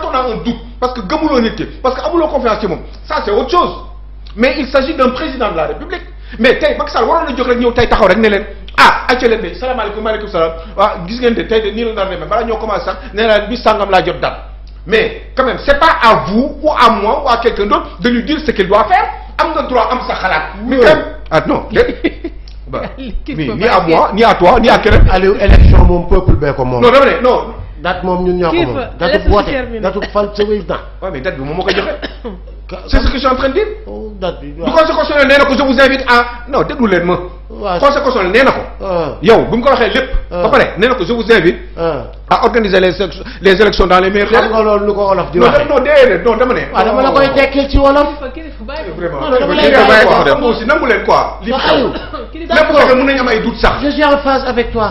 quand on a un doute parce que gëmuloo nit ki parce que amuloo confiance ci c'est autre chose mais il s'agit d'un président de la république mais tey Macky Sall waroon na jóg rek ñëw tey taxaw rek ne leen a ah, acca leen de salaamaaleykum maaleykum salaam waaw ah, gis ngeen de tey de nii la nar demee mais quand c'est pas à vous ou à moi ou à quelqu'un d'autre de lui dire ce qu'il doit faire am nga droit am sa xalaat mais quand même ah non ba ni à moi ni à toi ni à keneen. Aliou élection moom peuple ko moom non date moom ñun ñoo ko moom. date woote date fan sa wéy temps. waaw mais date bi moom moo koy joxe. c'est ce que je suis en train de dire. Oh, date bi waaw du conseil constitutionnel nee na ko je vous invite à non déglu leen ma. waaw conseil constitutionnel nee na ko. Ah. yow bu mu ko waxee lépp. Ah. ba pare nee na ko je vous invite. Ah. à organiser les les élections dans les meilleurs délais. xam nga loolu lu ko wolof di waxee non non déedéet non dama ne. waaw dama la koy tekkil ci wolof. vraiment dama lay bàyyi ko xam nga aussi nangu leen quoi. li mu xew lépp fekk mën nañu am ay doute sax. je suis en phase avec toi.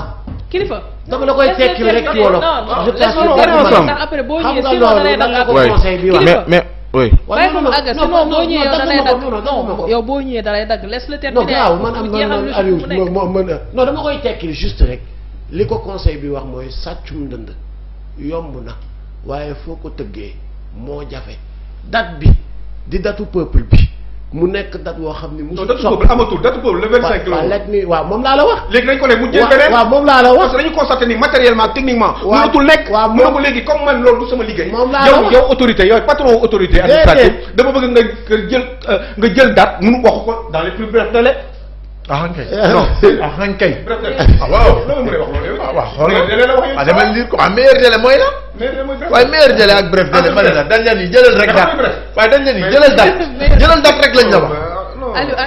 kilifa. dama la koy tekki xam nga loolu ko conseil bi wax. mais da lay dagg non yow boo ñëwee da lay dagg laisse koy tekki rek li ko conseil bi wax mooy sàccum ndënd yomb na waaye foo ko tëggee moo jafe date bi di datu peuple bi. mu nekk date boo xam ni. musul soxla boobu amatul date boobu le 25. waaw waaw waaw moom laa wax. léegi dañ ko ne mu jël beneen waaw moom laa la wax. parce que dañu constaté ni matériellement techniquement. waaw mënatul nekk. waaw moom mënatul léegi comme man loolu du sama liggéey. moom laa la wax yow yow autorité nga jël euh, nga jël date wax ko dans les plus brefs délais. ah kay non ah kay. ah waaw waaw xool nga dama liir ko ah meilleur délai mooy la. waaye meilleur délai ak bref délai ma ne la dañ leen ni jëlal rek date waaye dañ leen ni jëlal date jëlal date rek lañ la wax.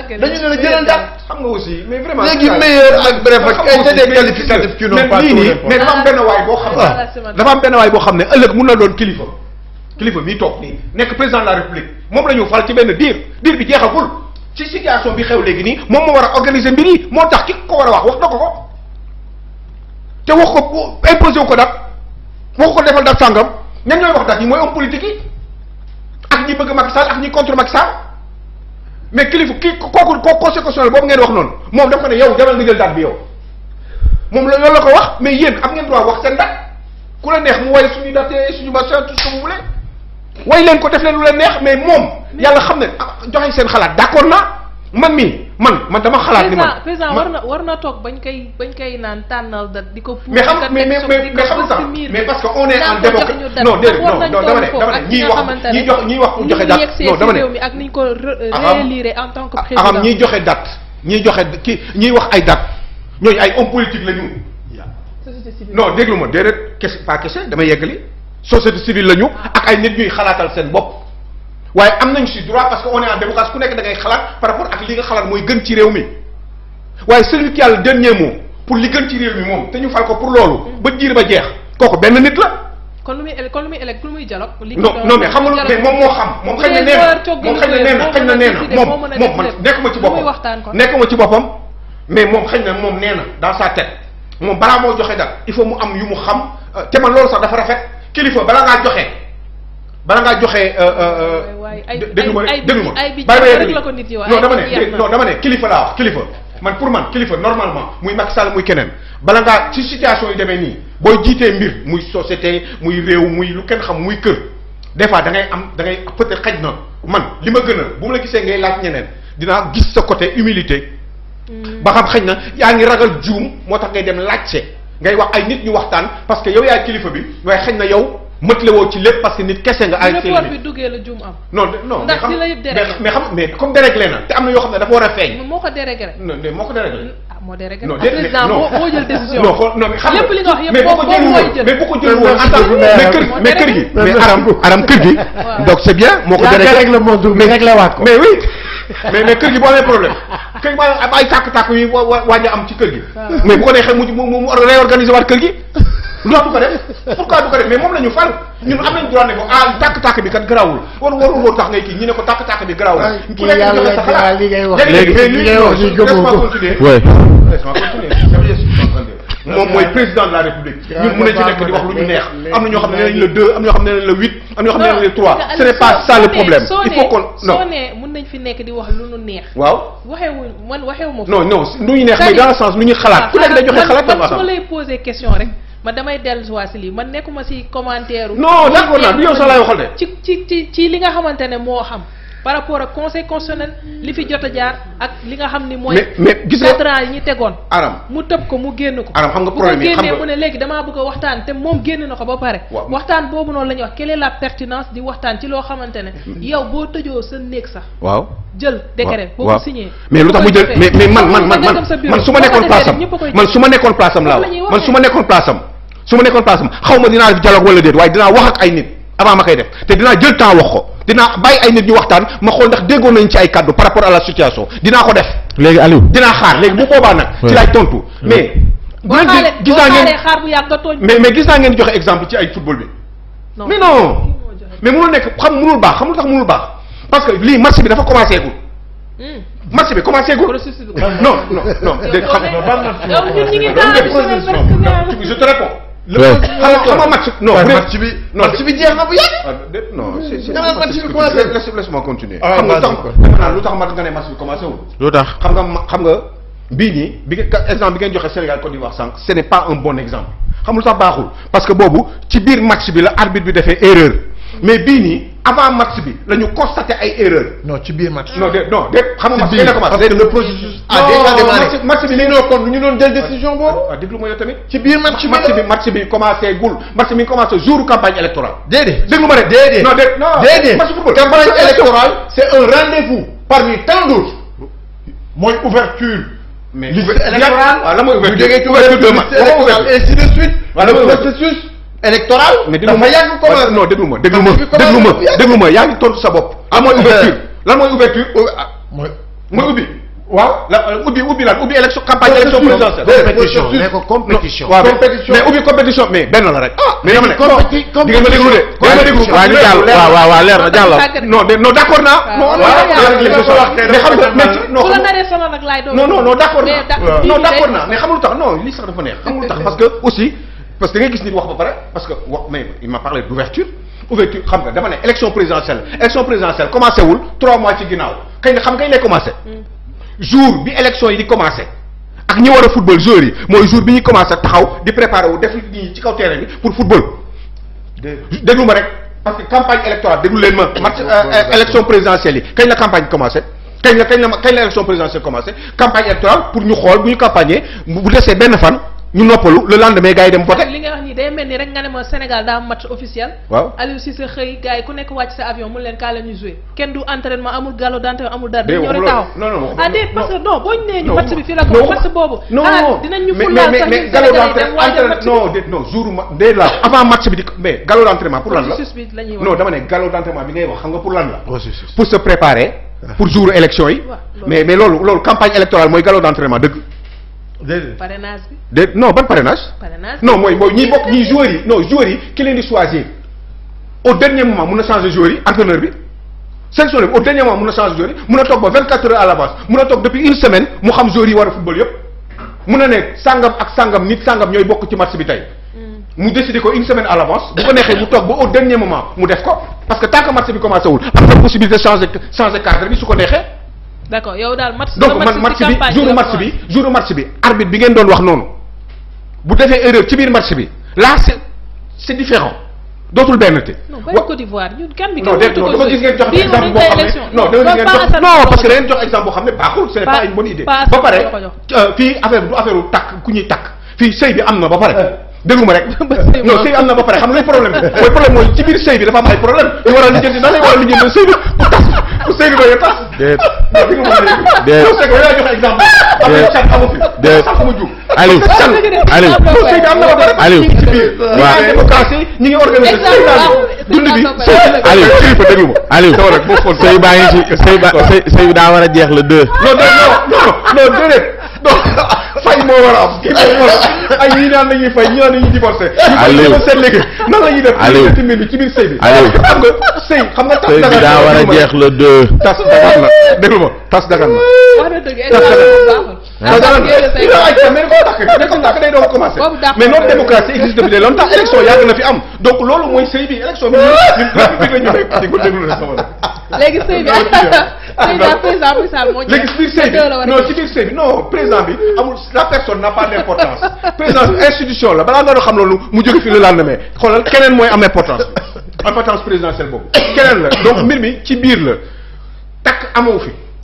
dañu ne la jëlal date. xam nga aussi mais vraiment. léegi meilleur ak bref ak ay des qualificatifs qui n'ont pas tout mais dafa am benn waay boo xam ne. dafa am benn waay boo xam ne ëllëg mun na doon kilifa kilifa mii toog nii nekk président de la république moom la ñu fal ci benn diir diir bi jeexagul. ci situation bi xew léegi nii moom moo war a organiser mbir moo tax ki ko war a wax wax na ko ko te wax ko imposé wu ko dat wax ko defal dat sàngam ñan ñooy wax dat yi mooy homme politique yi ak ñi bëgg Macky Sall ak ñi contre Macky Sall mais kilifa ki kooku kooku boobu ngeen wax noonu moom daf ko ne yow demal nga jël dat bi yow moom la loolu la ko wax mais yéen am ngeen droit wax seen dat ku la neex mu waaye suñuy dat suñu machin tout ce que way leen ko def leen lu leen neex mais moom yàlla xam ne joxe seen xalaat d'accord naa man mi man man dama xalaat ni man war na war na toog koy bañ naan tànnal da di ko. mais xam mais mais mais xam sax mais parce que on est en démocratie non déedéet non non dama ne wax ñiy jox ñiy wax euh, pour ay date ñooñu ay homme politique la ñu non déglu ma déedéet kese pas kese dama yeggali société civile lañu ak ay nit ñuy xalaatal seen bopp waaye am nañu ci droit parce que on est en démocratie ku nekk da xalaat par rapport ak li nga xalaat mooy gën ci réew mi waaye celui qui a le dernier mot pour li gën ci réew mi moom te ñu fal ko pour loolu ba diir ba jeex kooku benn nit la. kon lu muy kon lu muy élec pour muy dialogue. li mais xam moom moo xam. moom xëy na nee moom xëy na nee na xëy na nee na moom moom man nekkuma ci moom xëy na moom nee na dans sa tête moom balaa moo joxe dal il faut mu am yu mu xam euh, te man loolu sax dafa rafet kilifa bala ngaa joxe bala ngaa joxe. Euh, euh, euh, waay ay ay ay bi rek la ko nit yi wax non dama ne non dama ne kilifa laa wax kilifa. man pour man kilifa normalement muy Macky Sall muy keneen bala ngaa ci situation yu demee nii booy jiitee mbir muy société muy réew muy lu kenn xam muy kër des fois da ngay am dangay ngay peut-être xaj na man li ma gën a bu mu la gisee ngay laaj ñeneen dinaa gis sa côté humilité. Hmm. ba xam xaj na yaa ngi ragal juum moo tax ngay dem laajte. ngay wax ay nit ñu waxtaan parce que yow yaay kilifa bi waaye xëy na yow mëtle woo ci lépp parce que nit kese nga. ay rapport bi duggee la juum am. non non ndax si la yëpp déréglé mais xam mais comme déréglé na te am na yoo xam ne dafa war a feeñ. moo ko déréglé. non moo ko déréglé. ah moo déréglé non déedéet non jël décision. non boobu ko jël woon mais kër mais kër gi mais aram aram kër gi. donc c'est bien moo ko déréglé yaa déréglé moo mais réglé ko mais mais kër gi boo amee problème kër gi maanaam ay tàkk-tàkk yu wàññi am ci kër gi. Ah. mais bu ko neexee mu mu mu réorganiser waat kër gi. loolu du ko def pourquoi du ko def mais moom la fal ñun am nañ droit ne ko ah tàkk-tàkk bi kat garaawul war warul woon tax ngay kii ñu ne ko tàkk-tàkk bi garaawul. léegi mais li moom mooy ah. président de la république ah, ñun mën nañ nekk di wax lu ñu neex am na ñoo xam ne nañ le deux am ñoo xam ne nañ le huit fi nekk di wax lu nu neex. waaw waxewu man waxewu ma. non non lu ñu neex mais dans le sens lu ñu xalaat. ku nekk day joxe xalaat dafa xam lay poser question rek. man damay dellusiwaat si lii man nekkuma si commentaire. non d'accord naa du yow sax laay waxal de. ci ci ci li nga xamante ne moo xam. par rapport ak conseil constitutionnel li fi jot a jaar ak li nga xam ni mooy. mais gis nga quatre ans yi ñu tegoon. aram mu tëb ko mu génn ko. aram xam nga problème xam nga bu génnee mu ne léegi damaa bëgg a waxtaan te moom génn na ko ba pare. waxtaan boobu noonu la ñuy wax quelle est la pertinence di waxtaan ci loo xamante ne. Mm-hmm. yow boo tëjoo sa néeg sax. waaw jël décret. waaw boo mais lu tax mu jël mais man su ma nekkoon place am man su ma nekkoon place am laa man su ma nekkoon place am su ma nekkoon place am xaw ma dinaa dialogue wala déet waaye dinaa wax avant ma koy def te dinaa jël temps wax ko dinaa bàyyi ay nit ñu waxtaan ma xool ndax déggoo nañ ci ay kàddu par rapport à la situation dinaa ko def. léegi Aliou dinaa xaar léegi bu boobaa nag. ci laaj tontu mais. boo gis naa ngeen joxe exemple ci ay football bi. non mais non mais mënul nekk xam mënul baax xam lu tax mënul baax parce que lii match bi dafa commencé gul. Hmm. match bi commencé gul. non non non. dégg nga lépp xam nga match non match bi match bi jeex na bu yàgg. Ah, non si si match bi commencé laisse moi continuer. Ah, xam nga lu tax match nga ne match bi commencé wul. lu tax xam nga xam nga bii nii exemple bi ngeen joxe Sénégal Côte d'Ivoire sànq ce n'est pas un bon exemple xam lu baaxul parce que boobu ci biir match bi la arbitre bi defee erreur mais bii nii. avant match bi la ñu constaté ay erreurs. non ci biir match. non de non de xam le processus a déjà démarré. match bi li ñoo kon ñu doon jël décision boobu. waaw ah, déglu ma yow tamit. ci biir bi match bi campagne électorale. déedéet déglu ma rek déedéet. de non campagne électorale c' un rendez-vous parmi tant d' autres. ouverture liste électorale waaw ah, la mooy ouverture ouverture de match ainsi de suite. Ah, électoral mais déglu ma yàgg commencé non déglu ma déglu ma déglu ma déglu ma yaa ngi tontu ah, ah, la euh, ubbi ubbi campagne élection présidentielle compétition mais ubbi compétition mais benn la rek ah, mais dama ma déglu de di nga ma déglu na jàllal non non d'accord naa mais xam nga mais non non d'accord naa non d'accord naa mais xamul tax non li sax dafa neex xamul tax parce que aussi parce que da ngay gis nit wax ba pare parce que wax mais il m'a parlé d'ouverture ouverture xam nga dama ne élection présidentielle élection présidentielle commencé wul trois mois ci ginnaaw kañ la xam kañ lay commencé. Hmm. jour bi élection yi di commencé ak ñi war a football joueurs yi mooy jour bi ñu commencé taxaw di préparer wu def nit ci kaw terrain bi pour football. déglu ma rek parce que campagne électorale déglu leen ma. match euh, euh, élection présidentielle yi kañ campagne commencé. kañ la kañ la kañ commencé campagne pour ñu xool bu ñu campagner desee benn fan. ñu noppalu le lendemain gars yi dem voté. li nga wax nii day mel ni rek nga ne ma Sénégal daa match officiel. waaw Aliou Cissé xëy gars ku nekk wàcc sa avion mu leen kaa la ñuy joué. kenn du entraînement amul galop d'entraînement amul dara. dañu ñëw rek ah déet parce que boobu. non ah, non dinañ ñu fulaal avant match bi di mais galop d'entraînement pour nga pour lan la. processus pour se préparer. pour jour élection yi. mais mais loolu loolu campagne électorale mooy galop d'entraînement dëgg déedéet parrainage bi. déet non ban mooy mooy ñiy bokk ñiy joueurs yi non joueurs yi ki leen di choisir au dernier moment mun na changer joueurs yi entraîneur bi sélection bi au dernier moment mun na changer joueurs yi mun na toog ba 24 heures à l'avance mun na toog depuis une semaine mu xam joueurs yi war a football yëpp mun na ne sangam ak sangam nit sangam ñooy bokk ci match bi tey. Hmm. mu décider ko une semaine à l'avance bu ko neexee mu toog ba au dernier moment mu def ko parce que tant que match bi commencé su ko neexee. d'accord yow daal match donc man match bi jour match bi jour match bi arbitre bi ngeen doon wax noonu bu defee erreur ci biir match bi là c'est c'est différent dootul benn te. non béyu Côte d'Ivoire ñun kan bi. non déet non dama gis ngeen jox exemple boo xam ne non dama gis ngeen jox non parce que da ngeen jox exemple boo xam ne baaxul c'est pas une bonne idée. ba pare euh, fii affaire du affaire takk ku ñuy takk fii sëy bi am na ba pare. Euh, déglu ma rek non sëy am na ba pare xam nga lay problème bi mooy problème mooy ci biir sëy bi dafa am ay problème yu war a lijjanti nan lay war a lijjanti sëy bi pour tas pour sëy bi bañ a tas déet déet sëy ko yaa joxe exemple am na cat amu fi déet sax ma jub Aliou Aliou sëy bi am na ba pare Aliou ci biir ñu ngi démocratie ñu ngi organiser sëy daal dund bi sëy Aliou kilifa déglu ma Aliou taw rek boo xool sëy baa ngi ci sëy ba sëy daa war a jeex le deux non non non non déedéet donc fay moo war a am. kii moo war ay ñii naan nañuy fay ñu seet léegi nan la ñuy def. Aliou ci mbir mi ci biir sëy bi. Aliou xam nga sëy xam nga. tas na a jeex le deux. tas dagan na déglu ma tas dagan na. tas dagan na tas dagan na. mais day doon commencé. fi am donc loolu mooy sëy bi élection bi ñun ñun ñu déglu la la président président Macky Sall moo léegi si biir bi non si biir sëy bi non président bi amul la personne n'a pas d'importance président institution la balaa nga doon xam loolu mu jóge fi le lendemain xoolal keneen mooy am importance bi importance présidentielle boobu keneen la donc mbir mi ci biir la takk amoo fi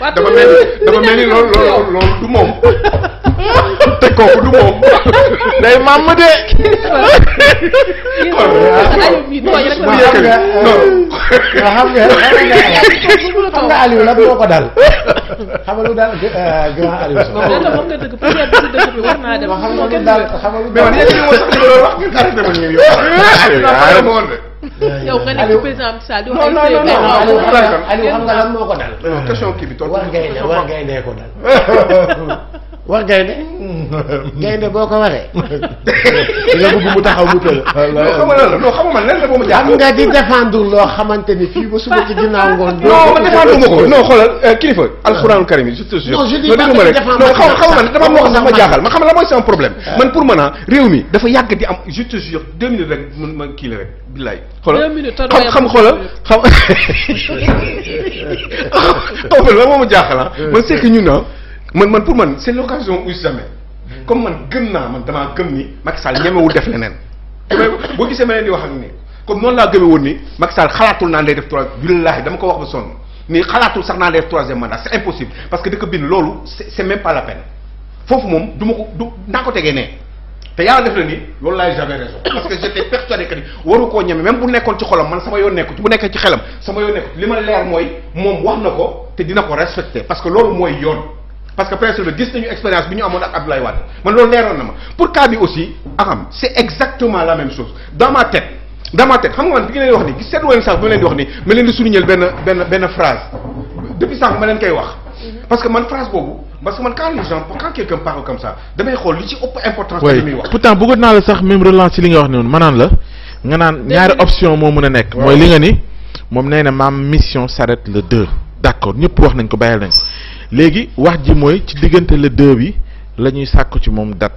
dafa mel ni dafa mel ni loolu loolu loolu du moom te kooku du moom. day maam de. xam nga eh, xam eh, eh, la boo ko dal xam nga lu daal grand Aliou Sow. wax nga dëgg première bi si dëkk bi war naa dem. xam nga a yow nga nekk président Sall di wax non non non Aliou xam nga lan moo ko dal. question kii bi tontu war ngay ne war ngay ne ko dal. war gaynde gaynde boo ko waree. dina taxaw mu tëdd. non xamuma lenn la boo ma jaaxal. xam nga di défendre loo xamante ni fii ba suba ci ginnaaw ngoon. non ma défendre ma ko non xoolal euh, kilifa. Ah. alxuraanul karim je te jure. non je dis ma xaw xaw ma dama ma ko sax ma jaaxal ma xam la mooy sama problème. Ah. man pour ah, mi dafa yàgg di am je te jure ma kii la rek billaay. xoolal xam xam xoolal xam xaw ma la moo ma jaaxal ah. Euh. man c'est que ñun ah. man man pour man c'est l'occasion ou jamais hmm. comme man gëm naa man damaa gëm ni Macky Sall ñemewul def leneen hmm. boo gisee ma leen di wax ak ni comme noonu laa gëmee woon ni Macky Sall xalaatul naa day def trois billaahi dama ko wax ba sonn mais xalaatul sax naan day def troisième c'est impossible parce que dëkk bi loolu c'est même pas la peine foofu moom du ma ko du naa ko tegee ne te yàlla def na ni loolu laay j'avais raison parce que j'étais persuadé que ni waru koo ñeme même bu nekkoon ci xolam man sama yoon nekk ci bu nekkee ci xelam sama yoon nekku li ma na ko te dina ko respecter parce que loolu mooy yoon parce que presse la gis nañu expérience bi ñu amoon ak Abdoulaye Wade man loolu leeroon na ma pour cas bi aussi axam c' est exactement la même chose dans ma tête dans tête xam nga man bi nga leen wax ni gis seetlu woon sax bi wax ni ma leen di koy wax. Mhm. parce que man phrase boobu parce que man quand les gens quand quelqu'un parle comme ça damay xool li ci ëpp importance. li muy wax pourtant bëggoon naa la naan la. nga naan ñaari option moo mën a nekk. mooy li nga ni moom nee na maam mission s'arrête le 2. d' accord wax nañ ko bàyyil nañ ko léegi wax ji mooy ci diggante le deux bi la ñuy sàkku ci moom date.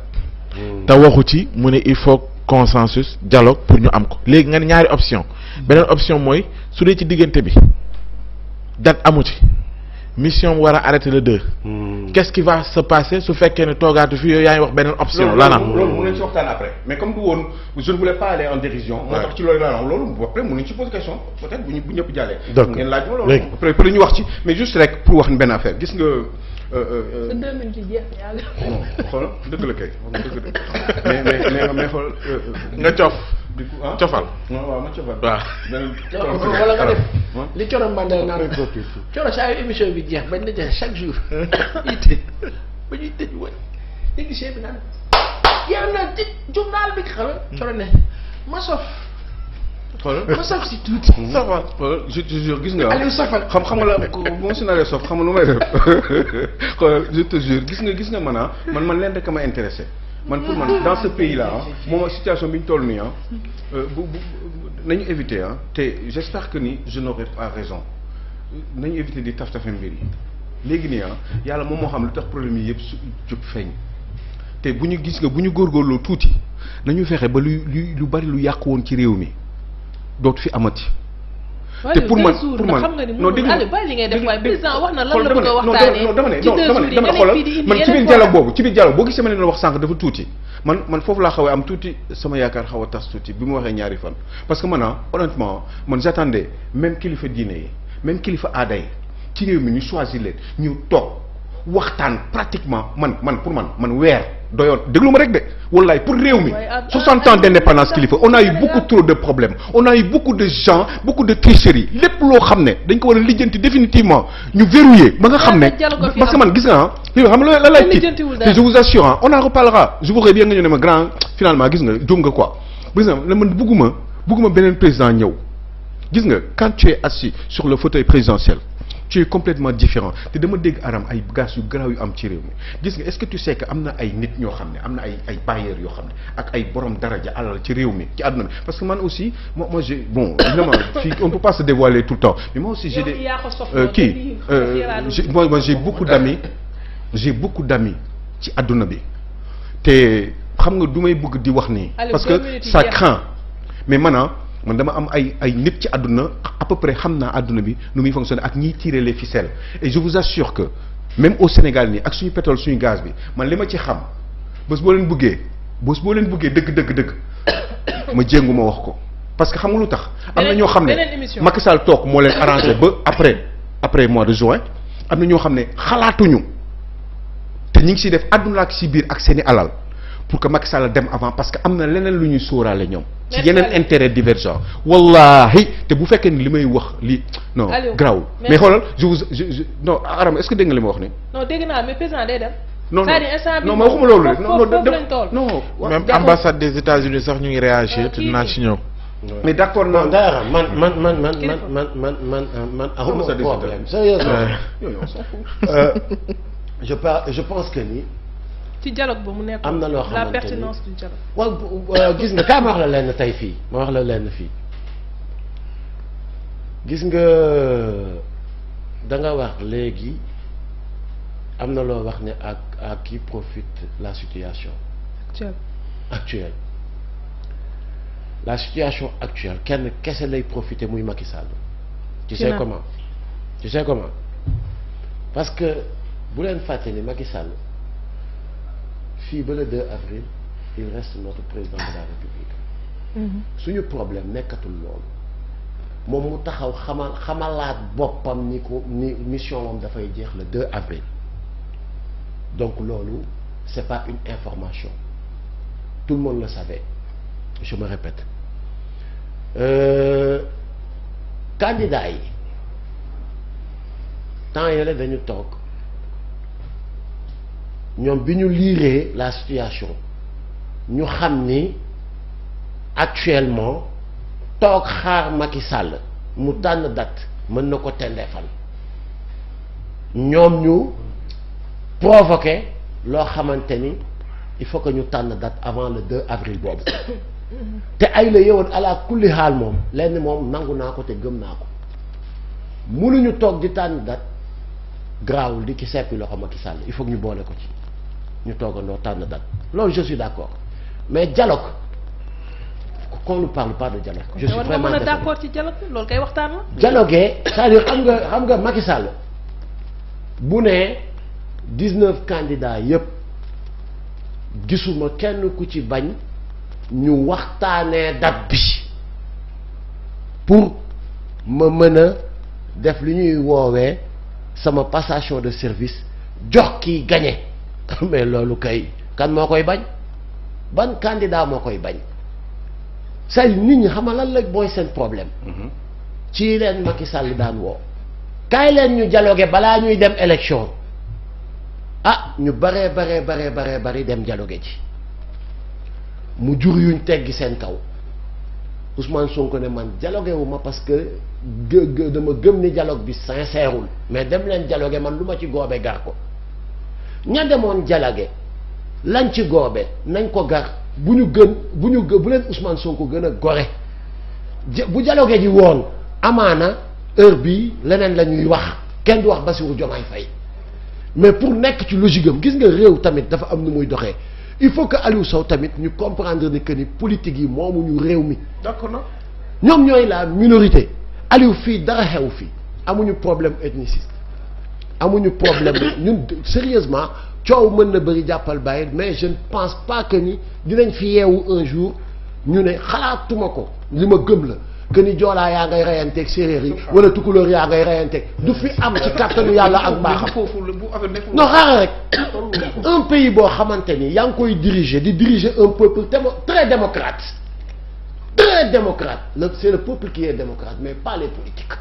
Hmm. te waxu ci mu ne il faut consensus jaloo pour ñu am ko léegi nga ne ñaari option hmm. beneen option mooy su dee ci diggante bi dat amu ci. mission war a arrêté le deux. Hmm. qu'est-ce qui va se passer su fekkee ne toogaatu fii yooyu yaa ngi wax beneen option. laanaam loolu mën nañu si waxtaan après mais comme du woon je ne voulais pas en dérision. moo tax ci loolu laanaam loolu après mën nañu si poser question peut être bu ñëpp jàllee. donc ngeen laaj wax ci mais juste rek pour wax benn affaire gis nga. Euh, euh, euh, sa deux minutes la kay nga cof. di ko ah cofal. waaw ma cofal. waaw wala nga ah. li Coro Mandela ah, naan Coro saa yu émission bi jeex bañ na jeex chaque jour itte ba ñuy tëj woon technicien bi naan yaa na ci journal bi xam Coro ne ma sof. ma saf si tuuti. gis nga. Aliou safal xam xam nga la moom su sof xam nga lu may def gis nga gis nga man ah man man leen rek ma intéressé. man pour man dans ce pays là ah moom situation bi ñu toll nii a euh, bu bu nañu éviter ah te j' que ni je n'aurai pas raison nañu éviter di taf tafe mbir yi léegi nii a yàlla moom moo xam lu tax problème yi yëpp su jub feeñ te bu ñu gis nga bu ñu góor góorgóorloo tuuti nañu fexe ba lu lu lu bari lu yàqu woon ci réew mi dootu fi amati. te pour man pour man non dégg nga non dama ne dama xoolal man ci biir dialogue boobu ci biir dialogue boo gisee ma ne wax sànq dafa tuuti man man foofu laa xaw a am tuuti sama yaakaar xaw a tas tuuti bi mu waxee ñaari fan parce que man ah honnêtement man j'attendais même kilifa diine yi même kilifa aada yi ci réew mi ñu choisir leen ñu toog waxtaan pratiquement man man pour man man weer doyoon déglu ma rek de wallaay pour réew mi 60 ans d'indépendance kilifa on a eu beaucoup trop de problèmes on a eu beaucoup de gens beaucoup de tricheries lépp loo xam ne dañ ko war a lijjanti définitivement ñu verrouiller ba nga xam ne parce que man gis nga ah li xam la la lay tiit te je vous assure ah ko en reparlera je voudrais nga ñu ne ma grand finalement gis nga juum nga quoi gis nga man bugguma beneen président ñëw gis nga quand tu es assis sur le fauteuil tu es complètement différent te dama dégg aram ay gaz yu garaaw yu am ci réew mi gis nga est-ce que tu sais que am na ay nit ñoo xam ne am na ay ay bailleurs yoo xam ne ak ay borom daraja alal ci réew mi ci àdduna bi parce que man aussi moi moi j'ai bon vraiment fii on peut pas se euh, kii euh, moi moi j'ai beaucoup d'amis j'ai beaucoup ci àdduna bi te xam nga du may bëgg di wax nii parce que ça craint mais maintenant man dama am ay ay nit ci àdduna à peu xam naa àdduna bi nu muy fonctionner ak ñiy tirer les ficelles et je vous assure que même au Sénégal nii ak suñu pétrole suñu gaz bi man li ma ci xam bés boo leen buggee bés boo leen buggee dëgg dëgg dëgg ma jéngu ma wax ko parce que xam nga lu tax. am na ñoo xam ne Macky Sall toog moo leen arrangé ba après après mois de juin am na ñoo xam ne xalaatuñu te ñu ngi siy def àdduna ak si biir ak seen i alal. pour que Macky Sall dem avant parce que am na leneen lu ñuy sóoraale ñoom. ci yeneen intérêt divergent wallahi te bu fekkee ni li may wax li no graw mais xoolal je vous je je non Aram est-ce que dégg nga li ma wax ni non dégg naa mais président day dem. ma waxuma loolu non non ambassade des États-Unis sax ñu ngi réagir euh, te naa ci ñëw. mais d'accord non dara man man man man man man man euh, man man amuma problème sérieusement euh, je pense que ni ci dialogue ba mu nekk am na loo xamante ni la pertinence du dialogue. Euh, nga kaay ma wax la tey fii ma wax la leen fii gis nga danga nga wax léegi am na loo wax ne ak à qui profite la situation. actuelle actuelle la situation actuelle kenn kese lay profiter muy Macky Sall. ci sais comment tu sais comment parce que bu leen fàtte ni Macky Sall. fii ba le 2 avril il reste notre président de la république mm-hmm. suñu problème nekkatul loolu moom mu taxaw xamal xamalaat boppam ni ko ni mission moom dafay jeex la 2 avril donc loolu c'est pas une information tout le monde le savait je me répète euh, candidat yi temps yële dañu toog ñoom bi ñu liiree la situation ñu xam ni actuellement toog xaar Macky sàll mu tànn dat mën na ko tendeefal ñoom ñu provoqué loo xamante ni il faut que ñu tànn date avant le 2 avril boobu te ay la yowoon ala kulli xaal moom lenn moom nangu naa ko te gëm naa ko ñu toog di tànn date graawul di ki seppi loxo Macky sàll il faut ñu boole ko ci ñu toogandoo tànn date lool je suis d'accord mais dialogue qu'on ne parle pas de dialogue. d'accord ci dialogue loolu kay waxtaan la. xam nga xam nga Macky bu ne dix-neuf candidats yépp gisuma kenn ku ci bañ ñu waxtaanee date bi pour ma mën a def li ñuy woowee sama passation de service jox kiy gagné. mais loolu kay kan moo koy bañ ban candidat moo koy bañ say nit ñi xamal lan la booy seen problème mhm. ci leen ki Sall daan woo kaay leen ñu dialogué balaa ñuy dem élection ah ñu baree baree baree baree bari dem dialogué ci mu jur yuñ teggi seen kaw Ousmane Sonko ne man dialogué wu ma parce que dama gëm ni dialogue bi sincèreul mais dem leen dialogué man lu ma ci goobe gar ko ña demoon jalage lañ ci goobe nañ ko gar bu ñu gën bu ñu bu leen soo ko gën a gore bu jalage ji woon amaana heure bi leneen la ñuy wax kenn du wax Bassirou Diomaye Faye mais pour nekk ci logique am gis nga réew tamit dafa am nu muy doxee il faut que Aliou Sow tamit ñu comprendre ni que ni politique yi moomuñu réew mi. d'accord na ñoom ñooy laa minorité Aliou fii dara xew fii amuñu problème ethniciste. amuñu problème ñun sérieusement coow mën na bëri jàppal bàyyil mais je ne pense pas que ni dinañ fi yeewu un jour ñu ne xalaatuma ko li ma gëm la que ni joolaa yaa ngay reyanteeg séeréer yi wala tukulóor yaa ngay reyanteeg du fi am ci kàttanu yàlla ak baaxam non xaaral rek un pays boo xamante ni yaa ngi koy diriger di diriger un peuple très démocrate très démocrate c'est le peuple qui est démocrate mais pas les politiques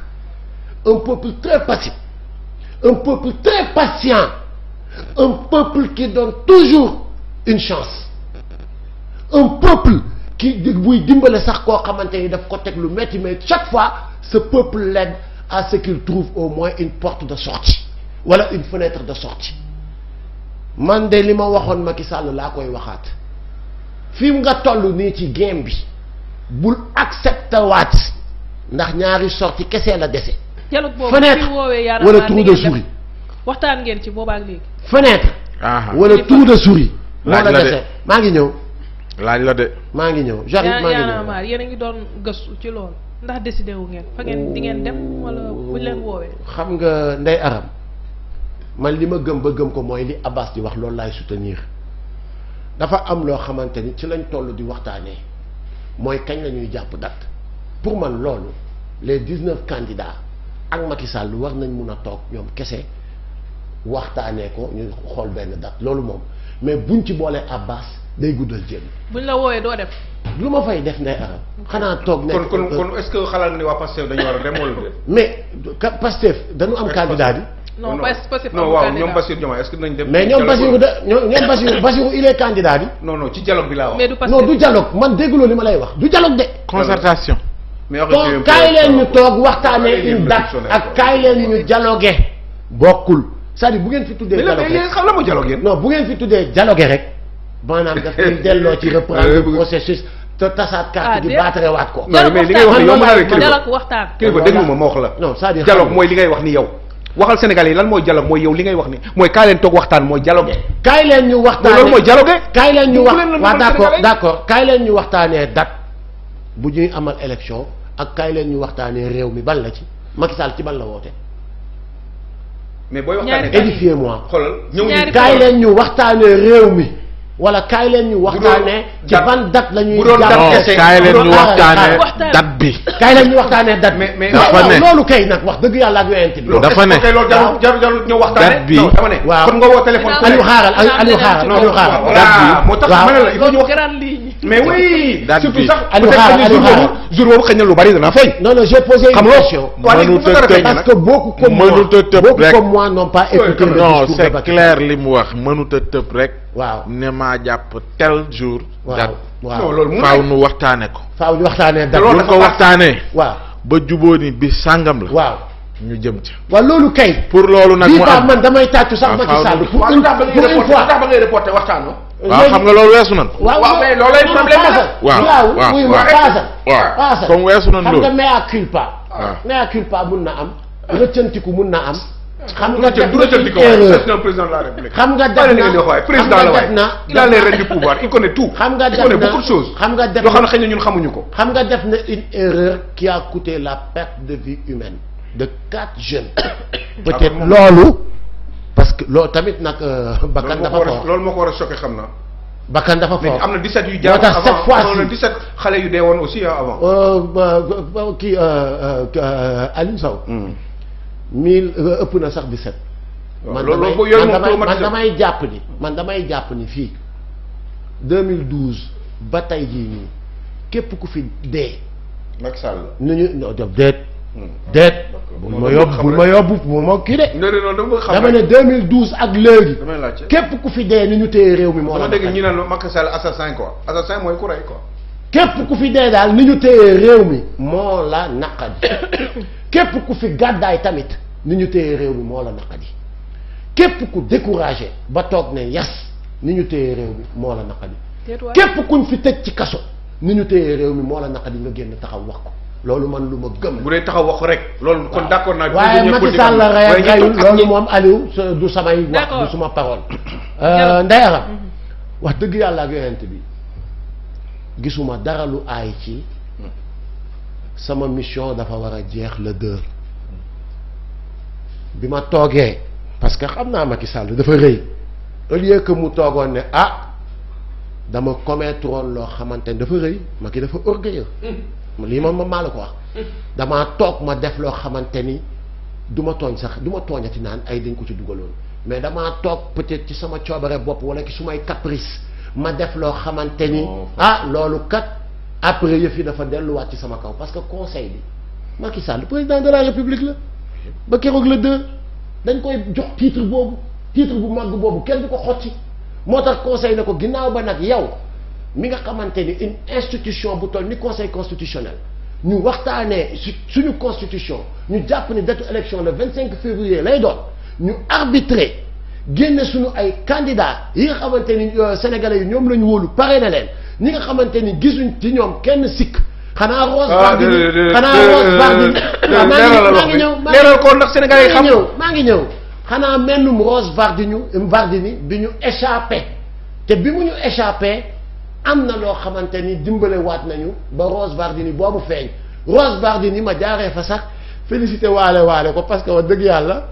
un peuple très passif un peuple très patient, un peuple qui donne toujours une chance, un peuple qui buy dimbale sax koo xamante ni daf ko teg lu metti mais chaque fois ce peuple l'aide à ce qu'il trouve au moins une porte de sortie wala une fenêtre de sortie man de li ma waxoon Macky Sall laa koy waxaat fi nga tollu nii ci game bi bul accepté waat ndax ñaari sortie kese la dese. dialogue boobu fenêtre wala trou de souris. waxtaan ngeen ci boobaak léegi. fenêtre. wala trou de souris. laaj la de maa ngi ñëw. laaj la de. maa ngi ñëw j'arrive maa ngi ñëw yéen a ngi doon gëstu ci loolu ndax décidé wu ngeen fa ngeen di ngeen dem wala buñ leen woowee. xam nga ndey aram man li ma gëm ba gëm ko mooy li Abbas di wax loolu laay soutenir dafa am loo xamante ni ci lañ toll di waxtaanee mooy kañ la ñuy jàpp date pour man loolu les dix-neuf candidats. ak Macky Sall wax nañ mun a toog ñoom kese waxtaanee ko ñu xool benn date loolu moom mais buñ ci boolee Abbas day guddal jéem. buñ doo def. lu ma fay def ndey arab xanaa toog nekk kon kon euh, est-ce xalaat ni waa Pastef dañu am candidat bi. non Pastef non waaw ñoom Bassirou Diomaye est-ce que dinañ dem. mais ñoom Bassirou de ñoom Bassirou Bassirou il est candidat bi. non non ci dialogue bi laa du Pastef man dégguloo li ma lay wax du dialogue de. kon kaay leen ñu toog waxtaanee une date ak kaay leen ñu dialogué bokkul c'est-à-dire bu ngeen fi tuddee dialogué mais xam la mu dialogué non bu ngeen fi tuddee dialogué rek maanaam daf koy delloo ci reprendre ah, processus te tasaat carte ah, gi baatarewaat ko non mais li ngay wax ni yow ma ne kilifa waxtaan kilifa déglu ma la non cest à mooy li ngay wax ni yow waxal Sénégalais yi lan mooy dialogue mooy yow li ngay wax ni mooy kaay leen toog waxtaan mooy dialogue kaay leen ñu waxtaanee loolu mooy dialogue kaay leen ñu wax waaw d'accord d'accord kaay leen ñu waxtaanee date bu ñuy amal élection ak kaay leen ñu waxtaanee réew mi bal la ci Macky Sall ci bal la woote. mais booy waxtaanee édifiez moi xoolal ñëw ñu kaay leen ñu waxtaanee réew mi. wala kaay leen ñu waxtaanee. ci ban date la ñuy. bu doon date kaay leen ñu waxtaanee date bi. kaay leen ñu waxtaanee date bi. mais dafa ne loolu kay wax dëgg yàlla ak yonent bi. dafa ne loolu jarul jarul ñu waxtaanee. date bi waaw kon nga woo téléphone. Aliou xaaral Aliou xaaral Aliou xaaral. date bi waaw mais oui surtout sax Aliou xaar Aliou xaar jour boobu xëy lu bari dana feeñ. non non j'ai posé une question. mënut a tëj parce que beaucoup comme moi li mu wax mënut a tëb rek. waaw ne maa jàpp tel jour. waaw waaw loolu faaw nu waxtaane ko. faaw ñu waxtaanee date bu ko waxtaanee. waaw ba jubóo ni bi sàngam la. waaw ñu jëm ca. waaw loolu kay. pour loolu nag mu am man damay tàccu sax ah, Macky Sall. pour une fois pour une fois. waaw xam nga loolu weesu nan. waaw mais loolay problème bi waaw waaw waaw waaw comme weesu nan loolu xam nga mea culpa. waaw mea culpa mun na am. rëccantiku mun na am. xam nga def na na président la waay il a les rênes du pouvoir il xam nga def na xam nga def na yoo xam ne ko. xam nga def a la perte de vie humaine de quatre loolu. parce que loolu tamit nag. Euh, bakkan dafa fort loolu moo ko war a choqué xam na bakkan dafa fort mais am na 17 yu jaar avant cette fois ci xale yu dee woon aussi avant. Euh, kii euh, Aliou Sow. Hmm. mille ëpp na sax 17. man damay man damay jàpp ni man damay jàpp ni fii 2012 ba tey jii nii képp ku fi dee. Macky Sall. nu ñu déet. déet bul ma yóbbu bul ma yóbbu bul ma kii de dama ne képp ku fi dee ni ñu téye réew mi moo dégg ñu naan Macky Sall assassin quoi assassin mooy ku rey quoi képp ku fi dee ni ñu téye réew mi moo la naqadi képp ku fi gàddaay tamit ni ñu téye réew mi moo la naqadi képp ku découragé ba toog ne yas ni ñu téye réew mi moo la naqadi képp kuñ fi tëj ci kaso ni ñu téye réew mi moo la naqadi nga génn taxaw wax ko loolu man lu ma gëm. bu dee taxaw wax rek. loolu kon d' accord naa. waaye Macky Sall rey reyul moom Aliou du samay wax du suma parole. Euh, Ndeye wax dëgg yàlla ak yonent bi gisuma dara lu aay ci sama mission dafa war a jeex la deux bi ma toogee parce que xam naa Macky Sall dafa rëy au lieu mu toogoon ne ah dama commettre woon loo xamante ne dafa rëy Macky dafa orgueilleux. lii moom maa la ko wax. Mm. damaa toog ma def loo xamante ni du ma tooñ sax du ma tooñati naan ay dañ ko ci dugaloon mais damaa toog peut-être ci sama coobare bopp wala ci sumay caprice ma def loo xamante ni. Oh. ah loolu kat après yëf yi dafa delluwaat ci sama kaw parce que conseil bi Macky ki le président de la république la ba keroog la deux dañ koy jox titre boobu titre bu mag boobu kenn du ko xotti moo tax conseil ne ko ginnaaw ba nag yow. mi nga xamante ni une institution bu toll ni conseil constitutionnel ñu waxtaanee suñu constitution ñu jàpp ni datu élection le vingt cinq février lay doon ñu arbitrer génne suñu ay candidats yi nga xamante ni euh, sénégalais yi ñoom la ñu wóolu pare na leen ñi nga xamante ni gisuñ ci ñoom kenn sikk. xanaa Rose Wardini ah, xanaa Rose Wardini maa ngi ñëw leeral ko ñëw maa ngi ñëw xanaa mennum Rose Wardini Wardini bi ñu échappé te bi mu ñu échappé. am na loo xamante ni dimbale waat nañu ba Rose Wardini boobu feeñ Rose Wardini ma jaaree fa sax félicité waale waale ko parce que dëgg yàlla.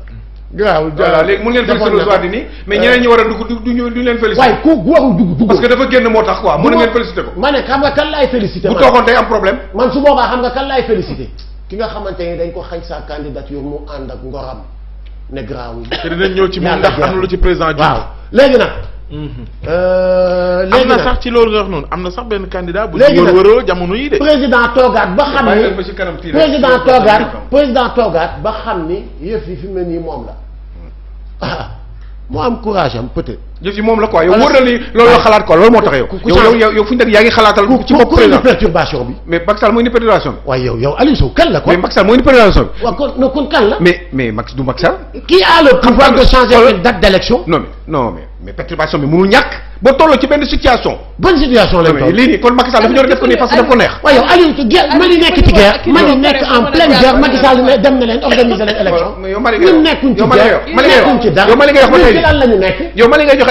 gaawul voilà léegi mun ngeen félicité Rose Wardini mais ñeneen ñi war a dugg du ñu leen félicité. waaye ku warul dugg dugg. dafa génn moo tax quoi mën ngeen félicité ko. ma ne xam nga kan laay félicité. bu toogoon day am problème. man su boobaa xam nga kan laay félicité. ki nga xamante ni dañ ko xañ sa candidature mu ànd ak ngoram ne garaawul. te dinañ ñëw ci moom ndax am na lu ci président. waaw léegi nag. Mm-hmm. Euh, léegi nag am na sax ci loolu nga wax noonu am na sax benn candidat bu ñu wërwëroo jamono yi de. président toogaat ba xam ni président toogaat président toogaat ba xam ni yëf yi fi mu ne nii moom la ah mu am courage am peut-être. jëf moom la quoi yow wóor na ni loolu yoo xalaat quoi loolu moo fu ñu nekk yaa ngi xalaatal. ci bopp perturbation bi. mais Macky Sall mooy perturbation bi. waaye yow yow Aliou Sow perturbation bi. waaw kon non kon kan ci benn situation. bonne situation lañ toll lii nii kon Macky Sall dafa ñëw def ko nii parce que ko neex. waaye yow Aliou Sow guerre nekk ci guerre. Mali nekk en pleine guerre Macky Sall dem na leen organiser leen élection. ñun nekkuñ ci guerre nekkuñ ci dara yow Mali ngay wax ba tey yow Mali joxe exemple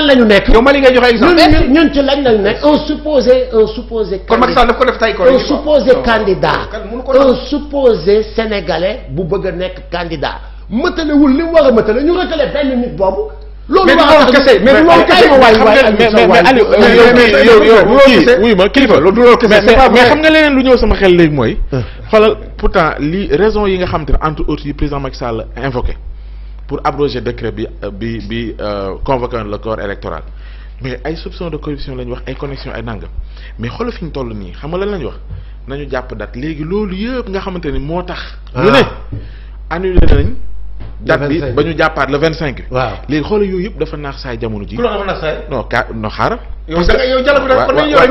ñun ci ñu nekk. yow Mali ngay joxe exemple ñun ci lan la ñu nekk un supposé un supposé. kon Macky ko def tey kon. candidat un supposé sénégalais bu bëgg a nekk candidat mëtalewul li mu war a mëtale ñu rëkkale benn nit boobu. loolu wax loolu kese ma kilifa du xam nga leneen lu ñëw sama xel léegi mooy. Euh. xoolal pourtant li raison yi nga xam te ne entre autres yi président Macky Sall invoqué. pour abroger décret bi euh, bi bi euh, convoquant le corps électoral mais ay soupçons de corruption la ñu wax ay connexion ay nangam mais xoolal fi ñu toll nii xam nga lan la ñu wax nañu jàpp date léegi loolu yëpp nga xamante ni moo tax. Ah. lu ne annulé ba ñu jàppaat le vingt cinq. waaw léegi xoolal yooyu yëpp dafa naax saay jamono ji. ku loolu dafa naax saay. non ka non xaaral. yow da nga yow jàllale ko kon dañuy ñëw rek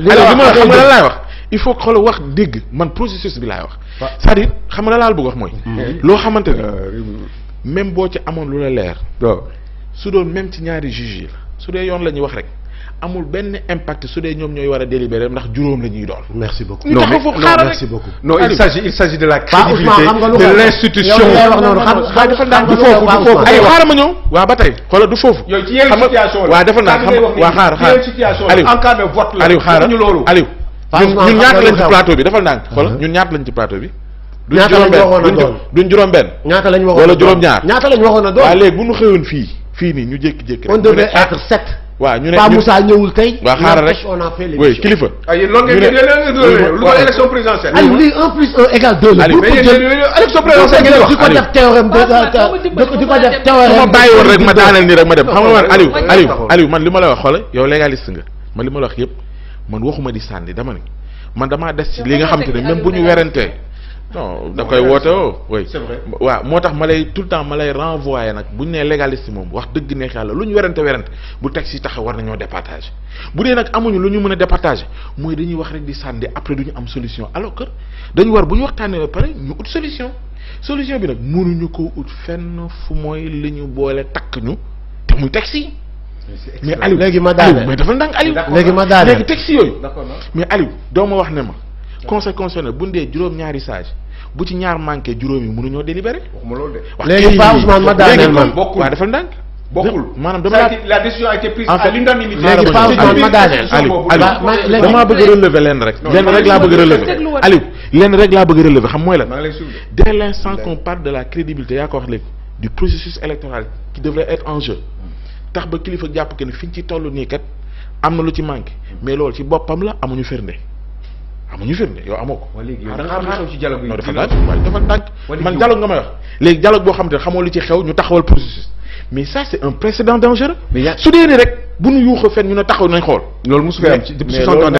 ne laay wax. il faut que xoolal wax dégg man processus bi laay wax c'est-à-dire xam nga laal bëgg wax mooy. Hmm. loo xamante ne ah, même boo ci amoon lu la leer. su doon même ci ñaari juge yi la su dee yoon la ñuy wax rek. amul benn impact su dee ñoom ñooy war a délibérer ndax juróom la ñuy doon. merci beaucoup non mais non merci beaucoup. non il s'agit il s'agit de la crédibilité de l'institution. waaw dafa naan du ba tey xoolal du foofu. yow ci xam nga waaw dafa naan xam nga waaw xaar xaar. Aliou Aliou xaaral Aliou. ñun ñaata lañ ci plateau bi defal ndànk uh-huh. xoolal ñun ñaata lañ ci plateau bi duñ juróom juróom-benn ñaata lañ waxoon wala juróom-ñaar ñaata lañ waxoon a doon waaye léegi bu ñu xëyoon fii fii nii ñu jékki-jékki on devait ah. être sept a fait ma ah, élection présidentielle ma bàyyi woon rek ma daaneel nii rek ma dem xam nga man Aliou Aliou Aliou man li ma la wax xoolal yow légaliste nga man li ma la wax yëpp man waxuma di sànni dama ni man damaa des ci li nga xam te ne même bu ñu werantee da koy woote oo oui waaw moo tax ma lay tout le temps ma lay renvoyer nag bu ñu nee légaliste moom wax dëgg neex yàlla lu ñu werante werante bu teg si taxaw war nañoo départager bu dee nag amuñu lu ñu mën a départager mooy dañuy wax rek di sànni après du ñu am solution alors que dañu war bu ñu waxtaanee ba pare ñu ut solution solution bi nag mënuñu ko ut fenn fu mooy li ñu boole takk ñu te teg si mais Aliou léegi ma daane mais dafa ndànk Aliou. léegi ma daane léegi teg si yooyu. mais Aliou doo wax ne ma. conséquence ne bu ndee juróom ñaari sage bu ci ñaar manqué juróom yi mënuñoo délibéré. waxuma loolu de. léegi Pa ma daaneel man bokkul waaw dafa ndànk. bokkul maanaam dama la la décision a été prise à l'unanimité. léegi Pa Ousmane ma daaneel Aliou Aliou damaa bëgg relever lenn rek. lenn rek laa bëgg relever Aliou lenn rek laa bëgg relever xam mooy la dès l'instant qu'on parle de la crédibilité yaa ko wax léegi du processus électoral qui devrait être en tax ba kilifa jàpp que ni fi ñu ci toll nii kat am na lu ci manqué mais loolu ci boppam la amuñu firnde amuñu firnde yow amoo ko. da nga am ci dialogue dafa dànk man dialogue nga may léegi dialogue boo xam te xamoo lu ci xew ñu taxawal processus mais ça c'est un précédent dangereux. su dee ni rek bu ñu yuuxoo fenn ñu ne taxaw nañ xool. loolu mosu koy am ci depuis